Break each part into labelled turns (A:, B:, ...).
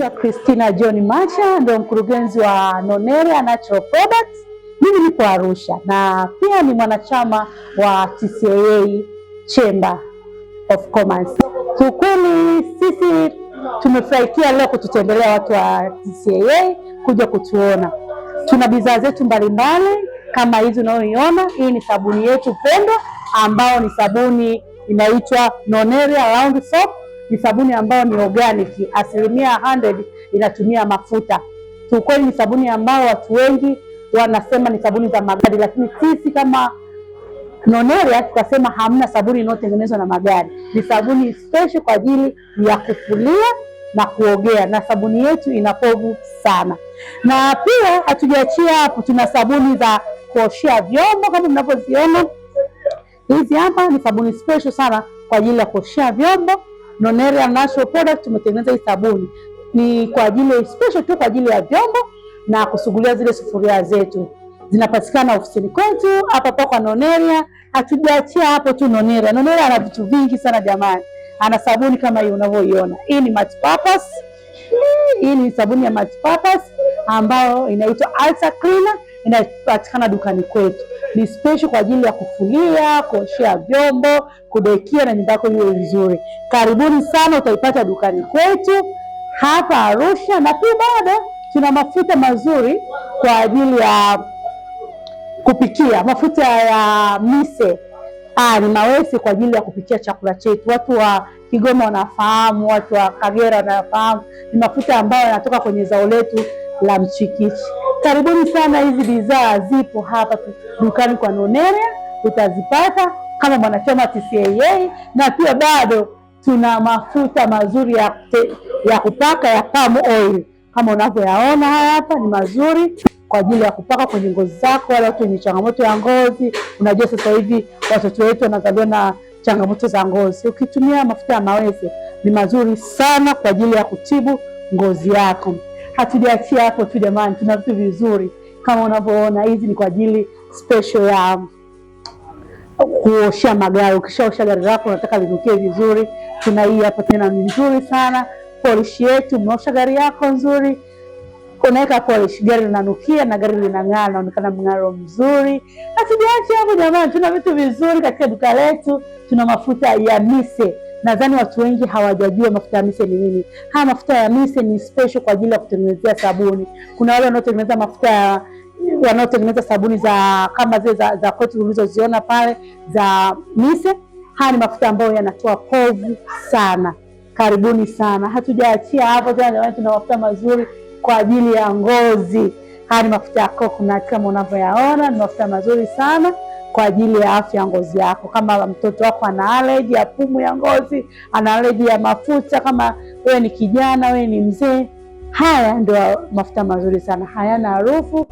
A: Naitwa Christina John Macha, ndio mkurugenzi wa noneria Natural Products. Mimi niko Arusha na pia ni mwanachama wa tca Chamber of Commerce. Kiukweli sisi tumefurahikia leo kututembelea watu wa tca kuja kutuona. Tuna bidhaa zetu mbalimbali kama hizi unayoiona. Hii ni sabuni yetu pendwa, ambayo ni sabuni inaitwa Noneria Round Soap ni sabuni ambayo ni organic, asilimia 100 inatumia mafuta. Kiukweli ni sabuni ambayo watu wengi wanasema ni sabuni za magari, lakini sisi kama Noneria tukasema hamna sabuni inayotengenezwa na magari, ni sabuni special kwa ajili ya kufulia na kuogea, na sabuni yetu ina povu sana. Na pia hatujaachia hapo, tuna sabuni za kuoshea vyombo kama mnavyoziona hizi hapa, ni sabuni special sana kwa ajili ya kuoshea vyombo Nonera Natural Products tumetengeneza hii sabuni ni kwa ajili special tu kwa ajili ya vyombo na kusugulia zile sufuria zetu. Zinapatikana ofisini kwetu hapa kwa Noneria. Hatujaachia hapo tu Noneria. Noneria ana vitu vingi sana jamani, ana sabuni kama hii unavyoiona. Hii ni purpose, hii ni sabuni ya purpose ambayo inaitwa Alta Cleaner inapatikana dukani kwetu. Ni special kwa ajili ya kufulia, kuoshea vyombo, kudekia na nyumba yako iwe nzuri. Karibuni sana, utaipata dukani kwetu hapa Arusha, na pia bado tuna mafuta mazuri kwa ajili ya kupikia, mafuta ya mise Aa, ah, ni mawesi kwa ajili ya kupikia chakula chetu. Watu wa Kigoma wanafahamu, watu wa Kagera wanafahamu. Ni mafuta ambayo yanatoka kwenye zao letu la mchikichi. Karibuni sana, hizi bidhaa zipo hapa dukani kwa Nonela utazipata kama mwanachama TCAA, na pia bado tuna mafuta mazuri ya, te, ya kupaka ya palm oil kama unavyoyaona haya hapa, ni mazuri kwa ajili ya kupaka kwenye ngozi zako. Wale watu wenye changamoto ya ngozi, unajua sasa hivi watoto wetu wanazaliwa na changamoto za ngozi. Ukitumia mafuta ya mawese ni mazuri sana kwa ajili ya kutibu ngozi yako hatujaachia hapo tu jamani, tuna vitu vizuri kama unavyoona. Hizi ni kwa ajili special ya kuoshea magari. Ukishaosha gari lako unataka linukie vizuri, tuna hii hapa tena, ni nzuri sana. Polishi yetu, umeosha gari yako nzuri, unaweka polish, gari linanukia na gari linang'aa, naonekana mng'aro mzuri. Hatujaacha hapo jamani, tuna vitu vizuri katika duka letu. Tuna mafuta ya mise Nadhani watu wengi hawajajua mafuta ya mise ni nini. Haya mafuta ya mise ni special kwa ajili ya kutengenezea sabuni. Kuna wale wanaotengeneza mafuta ya wanaotengeneza sabuni za kama zile za, za koti ulizoziona pale za mise. Haya ni mafuta ambayo yanatoa povu sana. Karibuni sana, hatujaachia hapo tena jamani, tuna mafuta mazuri kwa ajili ya ngozi. Haya ni mafuta ya coconut kama unavyoyaona, ni mafuta mazuri sana kwa ajili ya afya ya ngozi yako. Kama mtoto wako ana allergy ya pumu ya ngozi, ana aleji ya mafuta, kama wewe ni kijana, wewe ni mzee, haya ndio mafuta mazuri sana, hayana harufu,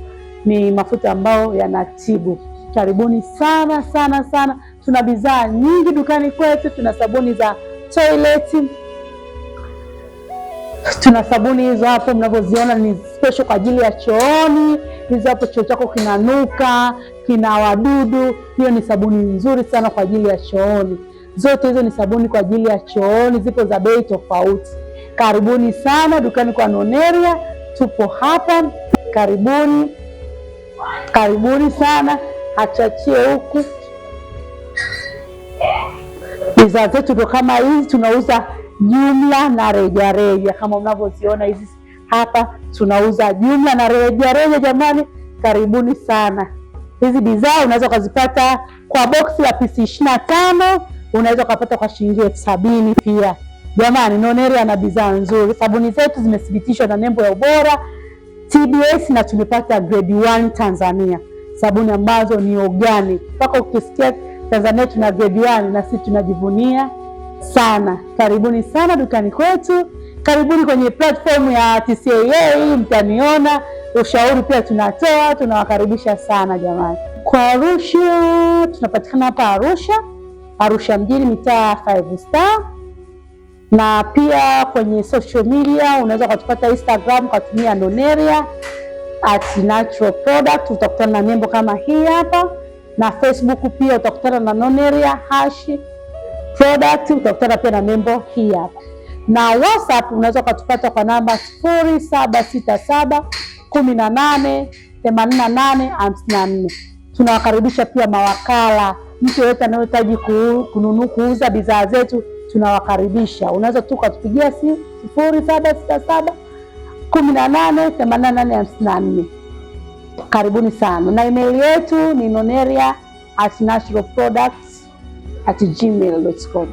A: ni mafuta ambayo yanatibu. Karibuni sana sana sana. Tuna bidhaa nyingi dukani kwetu, tuna sabuni za toileti Tuna sabuni hizo hapo mnavyoziona ni special kwa ajili ya chooni. Hizo hapo choo chako kinanuka, kina wadudu, hiyo ni sabuni nzuri sana kwa ajili ya chooni. Zote hizo ni sabuni kwa ajili ya chooni, zipo za bei tofauti. Karibuni sana dukani kwa Noneria, tupo hapa, karibuni karibuni sana, achachie huku bidhaa zetu ndo kama hizi tunauza jumla na rejareja. Kama mnavyoziona hizi hapa, tunauza jumla na rejareja. Jamani, karibuni sana. Hizi bidhaa unaweza ukazipata kwa boksi la pisi ishirini na tano unaweza ukapata kwa shilingi elfu sabini pia. Jamani, Noneri ana bidhaa nzuri. Sabuni zetu zimethibitishwa na nembo ya ubora TBS na tumepata grade 1 Tanzania, sabuni ambazo ni organic. Mpaka ukisikia Tanzania tuna grade 1 na sisi tunajivunia sana. Karibuni sana dukani kwetu, karibuni kwenye platform ya TCAA, mtaniona. Ushauri pia tunatoa, tunawakaribisha sana jamani. Kwa Arusha tunapatikana hapa Arusha, Arusha mjini, mitaa 5 Star, na pia kwenye social media unaweza ukatupata Instagram ukatumia Noneria at natural product, utakutana na nembo kama hii hapa, na Facebook pia utakutana na Noneria hashi product, utakutana pia na nembo hii hapa, na WhatsApp unaweza ukatupata kwa namba 0767 18 88 Tunawakaribisha pia mawakala, mtu yeyote anayohitaji kununua kuuza bidhaa zetu tunawakaribisha. Unaweza tu ukatupigia simu 0767188854. Karibuni sana, na email yetu ni noneria@naturalproducts at gmail.com.